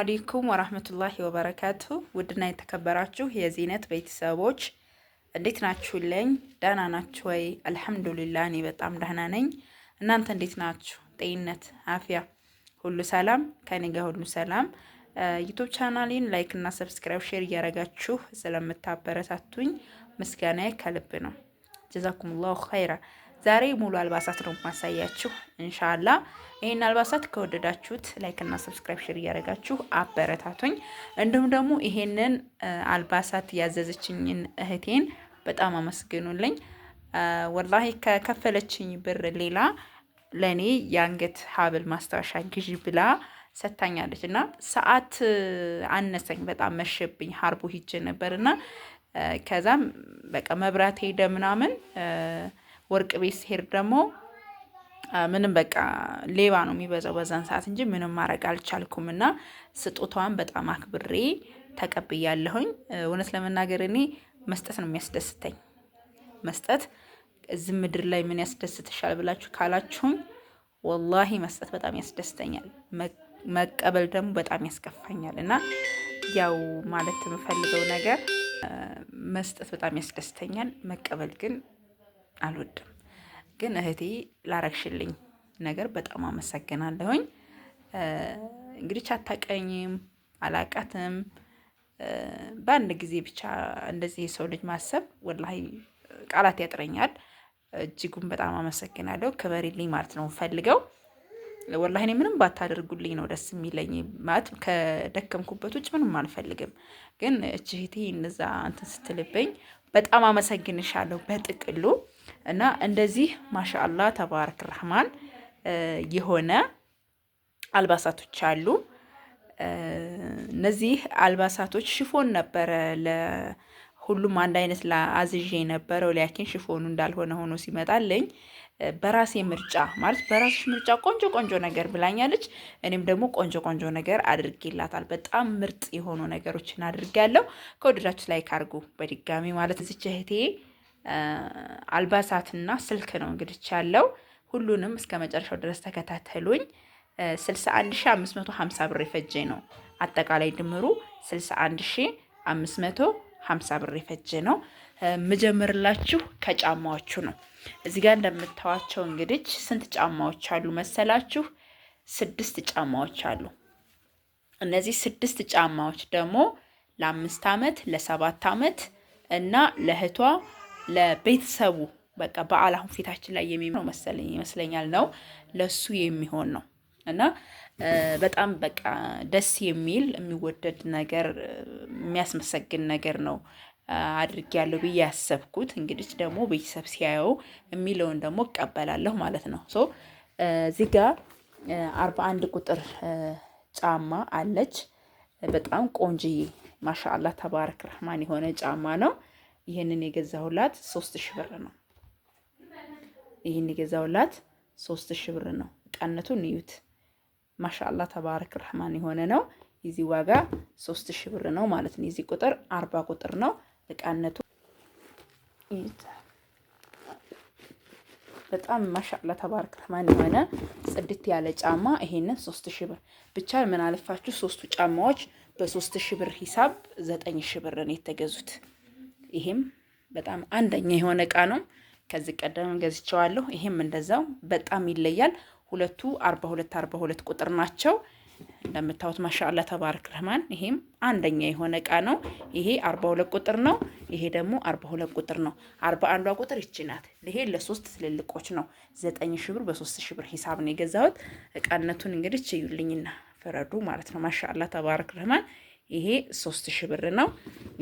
አለይኩም ወራህመቱላሂ ወበረካቱ ውድና የተከበራችሁ የዚህነት ቤተሰቦች እንዴት ናችሁልኝ? ደህና ናችሁ ወይ? አልሐምዱሊላ እኔ በጣም ደህና ነኝ። እናንተ እንዴት ናችሁ? ጤንነት አፍያ፣ ሁሉ ሰላም ከኔ ጋር ሁሉ ሰላም። ዩቱብ ቻናሌን ላይክ እና ሰብስክራይብ፣ ሼር እያረጋችሁ ስለምታበረታቱኝ ምስጋና ከልብ ነው። ጀዛኩሙላሁ ኸይራ ዛሬ ሙሉ አልባሳት ነው ማሳያችሁ እንሻላ። ይህን አልባሳት ከወደዳችሁት ላይክና ሰብስክራይብ ሽር እያደረጋችሁ አበረታቱኝ። እንዲሁም ደግሞ ይሄንን አልባሳት ያዘዘችኝን እህቴን በጣም አመስግኑልኝ። ወላሂ ከከፈለችኝ ብር ሌላ ለእኔ የአንገት ሀብል ማስታወሻ ግዢ ብላ ሰታኛለች እና ሰዓት አነሰኝ፣ በጣም መሸብኝ። ሀርቡ ሂጅ ነበር እና ከዛም በቃ መብራት ሄደ ምናምን ወርቅ ቤት ሲሄድ ደግሞ ምንም በቃ ሌባ ነው የሚበዛው በዛን ሰዓት እንጂ ምንም ማድረግ አልቻልኩም። እና ስጦታዋን በጣም አክብሬ ተቀብያለሁኝ። እውነት ለመናገር እኔ መስጠት ነው የሚያስደስተኝ። መስጠት እዚህ ምድር ላይ ምን ያስደስትሻል ብላችሁ ካላችሁኝ፣ ወላሂ መስጠት በጣም ያስደስተኛል። መቀበል ደግሞ በጣም ያስከፋኛል። እና ያው ማለት የምፈልገው ነገር መስጠት በጣም ያስደስተኛል፣ መቀበል ግን አልወድም። ግን እህቴ ላረግሽልኝ ነገር በጣም አመሰግናለሁኝ። እንግዲህ አታቀኝም አላቃትም። በአንድ ጊዜ ብቻ እንደዚህ የሰው ልጅ ማሰብ ወላሂ ቃላት ያጥረኛል። እጅጉን በጣም አመሰግናለሁ። ክበሪልኝ ማለት ነው ፈልገው ወላሂ እኔ ምንም ባታደርጉልኝ ነው ደስ የሚለኝ። ማለት ከደከምኩበት ውጭ ምንም አልፈልግም። ግን እህቴ እነዛ እንትን ስትልብኝ በጣም አመሰግንሻለሁ በጥቅሉ እና እንደዚህ ማሻአላ ተባረክ ረህማን የሆነ አልባሳቶች አሉ። እነዚህ አልባሳቶች ሽፎን ነበረ ለሁሉም አንድ አይነት አዝዤ የነበረው ሊያኪን ሽፎኑ እንዳልሆነ ሆኖ ሲመጣልኝ በራሴ ምርጫ ማለት በራስሽ ምርጫ ቆንጆ ቆንጆ ነገር ብላኛለች። እኔም ደግሞ ቆንጆ ቆንጆ ነገር አድርጌላታል። በጣም ምርጥ የሆኑ ነገሮችን አድርጌያለሁ። ከወደዳችሁ ላይክ አድርጉ። በድጋሚ ማለት እዚች እህቴ አልባሳትና ስልክ ነው እንግዲህ ያለው። ሁሉንም እስከ መጨረሻው ድረስ ተከታተሉኝ። 61550 ብር የፈጀ ነው። አጠቃላይ ድምሩ 61550 ብር የፈጀ ነው። ምጀምርላችሁ ከጫማዎቹ ነው። እዚህ ጋር እንደምታዋቸው እንግዲህ ስንት ጫማዎች አሉ መሰላችሁ? ስድስት ጫማዎች አሉ። እነዚህ ስድስት ጫማዎች ደግሞ ለአምስት ዓመት ለሰባት ዓመት እና ለእህቷ ለቤተሰቡ በቃ በዓል አሁን ፊታችን ላይ የሚሆነው መሰለኝ ይመስለኛል ነው ለሱ የሚሆን ነው እና በጣም በቃ ደስ የሚል የሚወደድ ነገር የሚያስመሰግን ነገር ነው አድርግ ያለው ብዬ ያሰብኩት እንግዲህ ደግሞ ቤተሰብ ሲያየው የሚለውን ደግሞ እቀበላለሁ ማለት ነው። ሶ እዚህ ጋር አርባ አንድ ቁጥር ጫማ አለች። በጣም ቆንጅዬ ማሻአላ ተባረክ ረህማን የሆነ ጫማ ነው። ይህንን የገዛሁላት ሶስት ሺህ ብር ነው። ይህን የገዛሁላት ሶስት ሺህ ብር ነው። እቃነቱን እዩት። ማሻአላ ተባረክ ረህማን የሆነ ነው። የዚህ ዋጋ ሶስት ሺህ ብር ነው ማለት ነው። የዚህ ቁጥር አርባ ቁጥር ነው። እቃነቱ በጣም ማሻአላ ተባረክ ረህማን የሆነ ጽድት ያለ ጫማ ይሄንን ሶስት ሺህ ብር ብቻ። ምን አለፋችሁ ሶስቱ ጫማዎች በሶስት ሺህ ብር ሂሳብ ዘጠኝ ሺህ ብር ነው የተገዙት። ይሄም በጣም አንደኛ የሆነ እቃ ነው። ከዚህ ቀደም ገዝቼዋለሁ። ይሄም እንደዛው በጣም ይለያል። ሁለቱ አርባ ሁለት አርባ ሁለት ቁጥር ናቸው። እንደምታዩት ማሻአላ ተባረክ ረህማን። ይሄም አንደኛ የሆነ እቃ ነው። ይሄ አርባ ሁለት ቁጥር ነው። ይሄ ደግሞ አርባ ሁለት ቁጥር ነው። አርባ አንዷ ቁጥር ይቺ ናት። ይሄ ለሶስት ትልልቆች ነው። ዘጠኝ ሺ ብር በሶስት ሺ ብር ሂሳብ ነው የገዛሁት። እቃነቱን እንግዲህ ችዩልኝና ፍረዱ ማለት ነው። ማሻአላ ተባረክ ረህማን ይሄ ሶስት ብር ነው።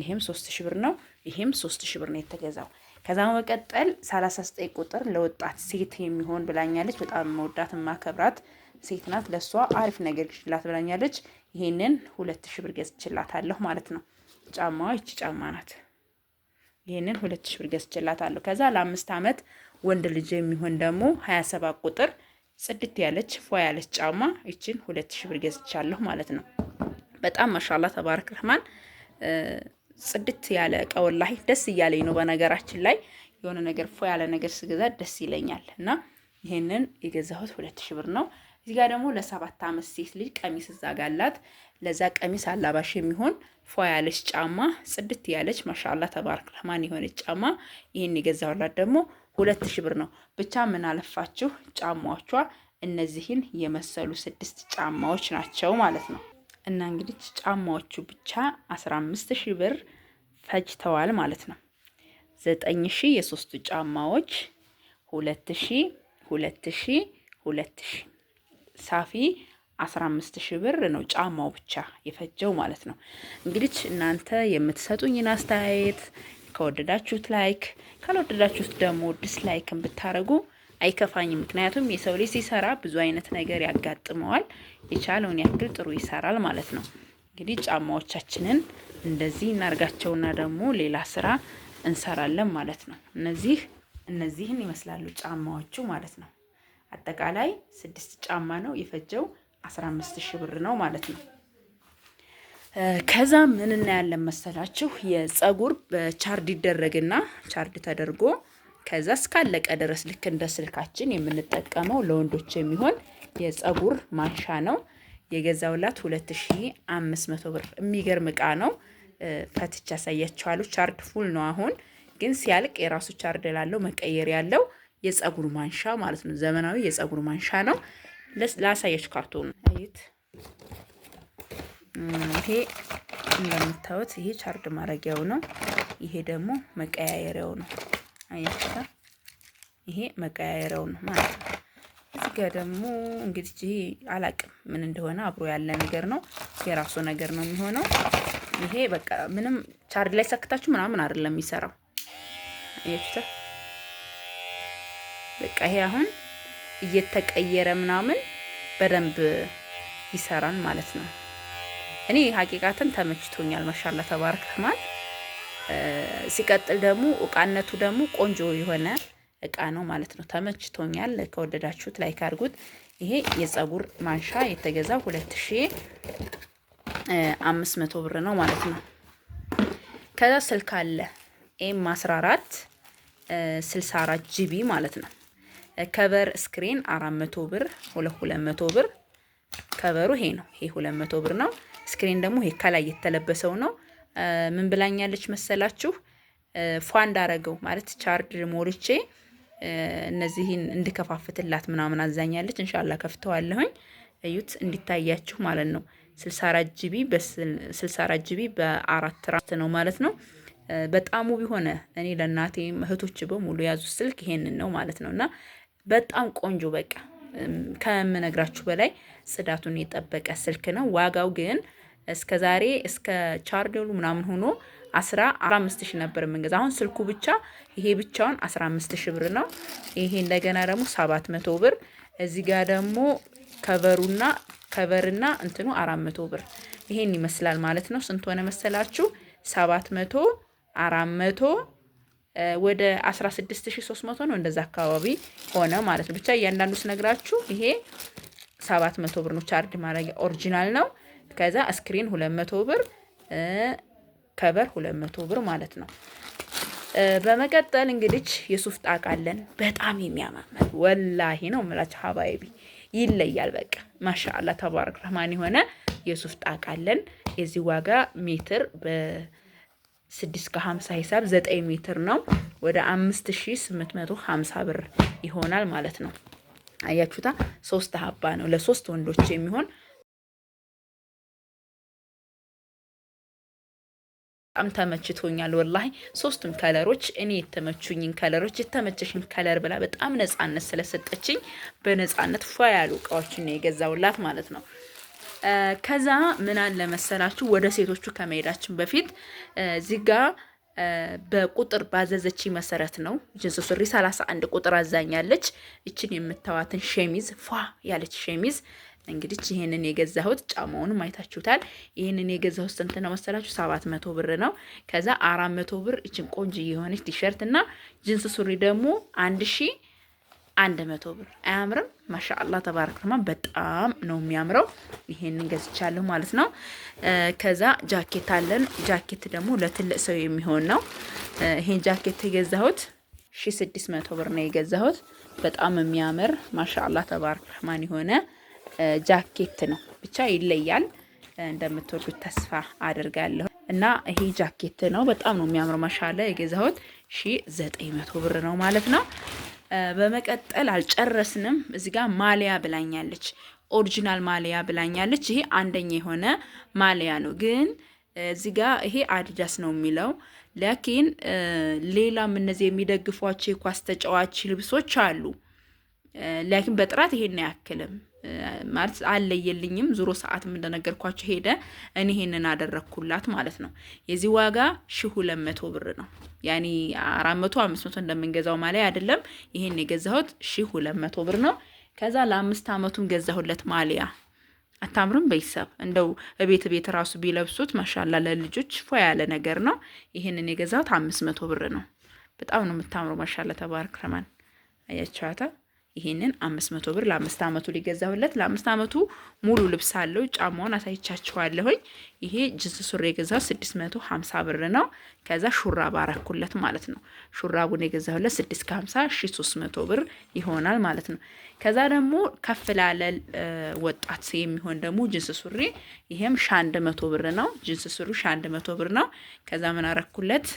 ይሄም ሶስት ሺህ ብር ነው። ይሄም ሶስት ብር ነው ይሄም ሶስት ብር ነው የተገዛው ከዛ በመቀጠል 39 ቁጥር ለወጣት ሴት የሚሆን ብላኛለች። በጣም መወዳት ማከብራት ሴት ናት። ለእሷ አሪፍ ነገር ግሽላት ብላኛለች። ይሄንን ሁለት ሺህ ብር ገዝችላታለሁ ማለት ነው። ጫማዋ ይቺ ጫማ ናት። ይሄንን ሁለት ሺህ ብር ገዝችላታለሁ። ከዛ ለአምስት ዓመት ወንድ ልጅ የሚሆን ደግሞ 27 ቁጥር ጽድት ያለች ፏ ያለች ጫማ ይችን ሁለት ብር ገዝቻለሁ ማለት ነው። በጣም ማሻላ ተባረክ ረህማን ጽድት ያለ እቃ ወላሂ ደስ እያለኝ ነው። በነገራችን ላይ የሆነ ነገር ፎ ያለ ነገር ስገዛ ደስ ይለኛል እና ይሄንን የገዛሁት ሁለት ብር ነው። እዚህ ጋር ደግሞ ለሰባት ዓመት ሴት ልጅ ቀሚስ እዛ ጋላት ለዛ ቀሚስ አላባሽ የሚሆን ፎ ያለች ጫማ ጽድት ያለች ማሻላ ተባረክ ረህማን የሆነች ጫማ ይሄን የገዛሁላት ደግሞ ሁለት ብር ነው። ብቻ ምን አለፋችሁ ጫማዎቿ እነዚህን የመሰሉ ስድስት ጫማዎች ናቸው ማለት ነው። እና እንግዲህ ጫማዎቹ ብቻ 15 ሺህ ብር ፈጅተዋል ማለት ነው። 9 ሺህ የሶስቱ ጫማዎች፣ 2 ሺህ 2 ሺህ 2 ሺህ ሳፊ 15 ሺህ ብር ነው ጫማው ብቻ የፈጀው ማለት ነው። እንግዲህ እናንተ የምትሰጡኝን አስተያየት ከወደዳችሁት ላይክ፣ ካልወደዳችሁት ደግሞ ዲስላይክን ብታረጉ አይከፋኝም። ምክንያቱም የሰው ልጅ ሲሰራ ብዙ አይነት ነገር ያጋጥመዋል። የቻለውን ያክል ጥሩ ይሰራል ማለት ነው። እንግዲህ ጫማዎቻችንን እንደዚህ እናርጋቸውና ደግሞ ሌላ ስራ እንሰራለን ማለት ነው። እነዚህ እነዚህን ይመስላሉ ጫማዎቹ ማለት ነው። አጠቃላይ ስድስት ጫማ ነው የፈጀው 15 ሺህ ብር ነው ማለት ነው። ከዛ ምን እናያለን መሰላችሁ? የጸጉር በቻርድ ይደረግና ቻርድ ተደርጎ ከዛ እስካለቀ ድረስ ልክ እንደ ስልካችን የምንጠቀመው ለወንዶች የሚሆን የፀጉር ማንሻ ነው። የገዛውላት 2500 ብር የሚገርም እቃ ነው። ፈትቻ ያሳያችኋሉ። ቻርድ ፉል ነው። አሁን ግን ሲያልቅ የራሱ ቻርድ ላለው መቀየር ያለው የፀጉር ማንሻ ማለት ነው። ዘመናዊ የፀጉር ማንሻ ነው። ላሳያች ካርቶኑ አይት ይሄ እንደምታዩት ይሄ ቻርድ ማድረጊያው ነው። ይሄ ደግሞ መቀያየሪያው ነው። አያችሁታ ይሄ መቀያየሪያው ነው ማለት ነው። እዚህ ጋር ደግሞ እንግዲህ አላቅም ምን እንደሆነ አብሮ ያለ ነገር ነው የራሱ ነገር ነው የሚሆነው። ይሄ በቃ ምንም ቻርጅ ላይ ሰክታችሁ ምናምን አይደለም የሚሰራው። አያችሁታ በቃ ይሄ አሁን እየተቀየረ ምናምን በደንብ ይሰራል ማለት ነው። እኔ ሀቂቃትን ተመችቶኛል። ማሻላ ተባረክ ተማል ሲቀጥል ደግሞ እቃነቱ ደግሞ ቆንጆ የሆነ እቃ ነው ማለት ነው። ተመችቶኛል። ከወደዳችሁት ላይክ አድርጉት። ይሄ የፀጉር ማንሻ የተገዛው ሁለት ሺ አምስት መቶ ብር ነው ማለት ነው። ከዛ ስልክ አለ ኤም አስራ አራት ስልሳ አራት ጂቢ ማለት ነው። ከበር ስክሪን አራት መቶ ብር ሁለት ሁለት መቶ ብር ከበሩ ይሄ ነው። ይሄ ሁለት መቶ ብር ነው። ስክሪን ደግሞ ይሄ ከላይ የተለበሰው ነው። ምን ብላኛለች መሰላችሁ? ፏ እንዳረገው ማለት ቻርድ ሞልቼ እነዚህን እንድከፋፍትላት ምናምን አዛኛለች። እንሻላ ከፍተዋለሁኝ እዩት እንዲታያችሁ ማለት ነው። 64 ጂቢ በ64 ጂቢ በአራት ራት ነው ማለት ነው። በጣም ውብ የሆነ እኔ ለእናቴ እህቶች በሙሉ ያዙ ስልክ ይሄንን ነው ማለት ነው። እና በጣም ቆንጆ በቃ ከምነግራችሁ በላይ ጽዳቱን የጠበቀ ስልክ ነው። ዋጋው ግን እስከ ዛሬ እስከ ቻርጀሩ ምናምን ሆኖ 15 ሺ ነበር የምንገዛ። አሁን ስልኩ ብቻ ይሄ ብቻውን 15 ሺ ብር ነው። ይሄ እንደገና ደግሞ 700 ብር። እዚህ ጋር ደግሞ ከቨሩና ከቨርና እንትኑ 400 ብር። ይሄን ይመስላል ማለት ነው። ስንት ሆነ መሰላችሁ? 700 400 ወደ 16300 ነው እንደዛ አካባቢ ሆነ ማለት ነው። ብቻ እያንዳንዱ ስነግራችሁ ይሄ 700 ብር ነው ቻርጅ ማድረጊያ ኦሪጂናል ነው። ከዛ ስክሪን 200 ብር ከበር 200 መቶ ብር ማለት ነው። በመቀጠል እንግዲህ የሱፍ ጣቃ አለን። በጣም የሚያማምር ወላሂ ነው የምላችሁ ሀባይቢ ይለያል። በቃ ማሻአላ ተባረክ ረህማን የሆነ የሱፍ ጣቃ አለን። የዚህ ዋጋ ሜትር ከ50 ሂሳብ 9 ሜትር ነው። ወደ 5850 ብር ይሆናል ማለት ነው። አያችሁታ ሶስት ሀባ ነው ለሶስት ወንዶች የሚሆን በጣም ተመችቶኛል። ወላሂ ሶስቱም ከለሮች እኔ የተመቹኝን ከለሮች የተመቸሽን ከለር ብላ በጣም ነጻነት ስለሰጠችኝ በነጻነት ፏ ያሉ እቃዎችን ነው የገዛውላት ማለት ነው። ከዛ ምናን ለመሰላችሁ ወደ ሴቶቹ ከመሄዳችን በፊት እዚህ ጋ በቁጥር ባዘዘች መሰረት ነው ጅንስ ሱሪ 31 ቁጥር አዛኛለች። እችን የምታዋትን ሸሚዝ ፏ ያለች ሸሚዝ እንግዲህ ይሄንን የገዛሁት ጫማውን አይታችሁታል። ይሄንን የገዛሁት ስንት ነው መሰላችሁ? ሰባት መቶ ብር ነው። ከዛ አራት መቶ ብር እችን ቆንጆ የሆነች ቲሸርት እና ጅንስ ሱሪ ደግሞ አንድ ሺ አንድ መቶ ብር። አያምርም? ማሻአላ ተባረክ ረህማን፣ በጣም ነው የሚያምረው። ይሄንን ገዝቻለሁ ማለት ነው። ከዛ ጃኬት አለን። ጃኬት ደግሞ ለትልቅ ሰው የሚሆን ነው። ይሄን ጃኬት የገዛሁት ሺ ስድስት መቶ ብር ነው የገዛሁት። በጣም የሚያምር ማሻአላ ተባረክ ረህማን የሆነ ጃኬት ነው። ብቻ ይለያል። እንደምትወዱት ተስፋ አድርጋለሁ እና ይሄ ጃኬት ነው። በጣም ነው የሚያምር። ማሻለ የገዛሁት ሺ ዘጠኝ መቶ ብር ነው ማለት ነው። በመቀጠል አልጨረስንም። እዚህ ጋር ማሊያ ብላኛለች። ኦሪጂናል ማሊያ ብላኛለች። ይሄ አንደኛ የሆነ ማሊያ ነው ግን እዚህ ጋ ይሄ አዲዳስ ነው የሚለው ላኪን ሌላም እነዚህ የሚደግፏቸው የኳስ ተጫዋች ልብሶች አሉ። ላኪን በጥራት ይሄን አያክልም። ማለት አለየልኝም። ዙሮ ሰዓትም እንደነገርኳቸው ሄደ። እኔ ይሄንን አደረግኩላት ማለት ነው። የዚህ ዋጋ ሺህ ሁለት መቶ ብር ነው። ያኔ አራት መቶ አምስት መቶ እንደምንገዛው ማለት አይደለም። ይሄን የገዛሁት ሺ ሁለት መቶ ብር ነው። ከዛ ለአምስት አመቱም ገዛሁለት ማሊያ። አታምርም? በሂሳብ እንደው እቤት ቤት ራሱ ቢለብሱት ማሻላ ለልጆች ፎ ያለ ነገር ነው። ይሄንን የገዛሁት አምስት መቶ ብር ነው። በጣም ነው የምታምረው። ማሻላ ተባረክ ረማን አያቸዋታ ይሄንን አምስት መቶ ብር ለአምስት ዓመቱ ሊገዛሁለት ለአምስት ዓመቱ ሙሉ ልብስ አለው። ጫማውን አሳይቻችኋለሁኝ። ይሄ ጅንስ ሱሪ የገዛሁት ስድስት መቶ ሀምሳ ብር ነው። ከዛ ሹራብ አረኩለት ማለት ነው። ሹራቡን የገዛሁለት ስድስት ከሀምሳ ሺ ሶስት መቶ ብር ይሆናል ማለት ነው። ከዛ ደግሞ ከፍ ላለ ወጣት የሚሆን ደግሞ ጅንስ ሱሪ ይሄም ሺ አንድ መቶ ብር ነው። ጅንስ ሱሪ ሺ አንድ መቶ ብር ነው። ከዛ ምን አረኩለት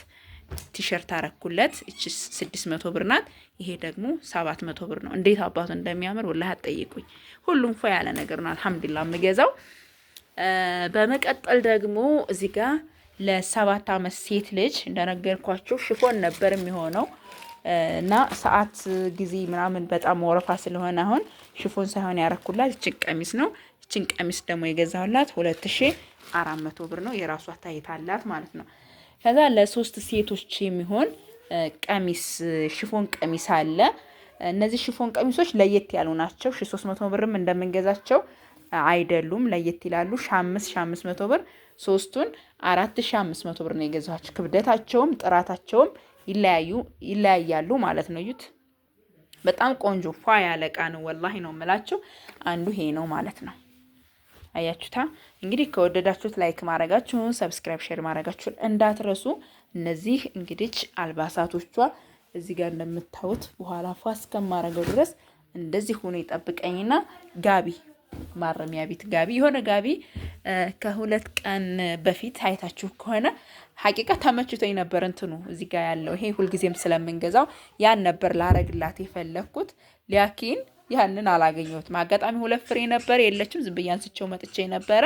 ቲሸርት አረኩለት። እቺ 600 ብር ናት። ይሄ ደግሞ 700 ብር ነው። እንዴት አባቱ እንደሚያምር ወላህ አትጠይቁኝ። ሁሉም ፎ ያለ ነገር ነው። አልሐምዱላ የምገዛው። በመቀጠል ደግሞ እዚህ ጋር ለሰባት አመት ሴት ልጅ እንደነገርኳቸው ሽፎን ነበር የሚሆነው እና ሰዓት ጊዜ ምናምን በጣም ወረፋ ስለሆነ አሁን ሽፎን ሳይሆን ያረኩላት እችን ቀሚስ ነው። እችን ቀሚስ ደግሞ የገዛሁላት 2400 ብር ነው። የራሷ ታይታላት ማለት ነው። ከዛ ለሶስት ሴቶች የሚሆን ቀሚስ ሽፎን ቀሚስ አለ። እነዚህ ሽፎን ቀሚሶች ለየት ያሉ ናቸው። ሺ ሶስት መቶ ብርም እንደምንገዛቸው አይደሉም፣ ለየት ይላሉ። ሺ አምስት ሺ አምስት መቶ ብር ሶስቱን አራት ሺ አምስት መቶ ብር ነው የገዛቸው ክብደታቸውም ጥራታቸውም ይለያዩ ይለያያሉ ማለት ነው። ዩት በጣም ቆንጆ ፏ ያለ እቃ ነው። ወላሂ ነው የምላቸው አንዱ ይሄ ነው ማለት ነው። አያችሁታ። እንግዲህ ከወደዳችሁት ላይክ ማድረጋችሁን ሰብስክራይብ፣ ሼር ማድረጋችሁን እንዳትረሱ። እነዚህ እንግዲህ አልባሳቶቿ እዚህ ጋር እንደምታዩት በኋላ ፏ እስከማረገው ድረስ እንደዚህ ሆኖ ይጠብቀኝና ጋቢ ማረሚያ ቤት ጋቢ የሆነ ጋቢ ከሁለት ቀን በፊት አይታችሁ ከሆነ ሀቂቃ ተመችቶኝ ነበር። እንትኑ እዚህ ጋር ያለው ይሄ ሁልጊዜም ስለምንገዛው ያን ነበር ላረግላት የፈለግኩት ሊያኪን ያንን አላገኘሁትም። አጋጣሚ ሁለት ፍሬ ነበር የለችም። ዝም ብዬ አንስቼው መጥቼ ነበረ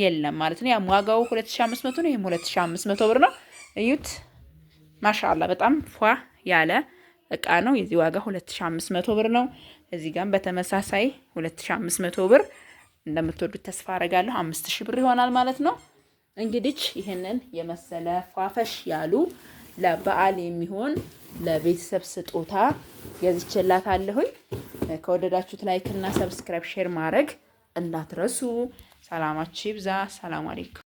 የለም ማለት ነው። ያም ዋጋው 2500 ነው። ይሄም 2500 ብር ነው። እዩት ማሻአላ በጣም ፏ ያለ እቃ ነው። የዚህ ዋጋ 2500 ብር ነው። እዚህ ጋም በተመሳሳይ 2500 ብር እንደምትወዱት ተስፋ አረጋለሁ። 5000 ብር ይሆናል ማለት ነው። እንግዲህ ይህንን የመሰለ ፏፈሽ ያሉ ለበዓል የሚሆን ለቤተሰብ ስጦታ ገዝቼላታለሁኝ። ከወደዳችሁት ላይክ እና ሰብስክራይብ ሼር ማድረግ እንዳትረሱ። ሰላማችሁ ይብዛ። ሰላም አለይኩም።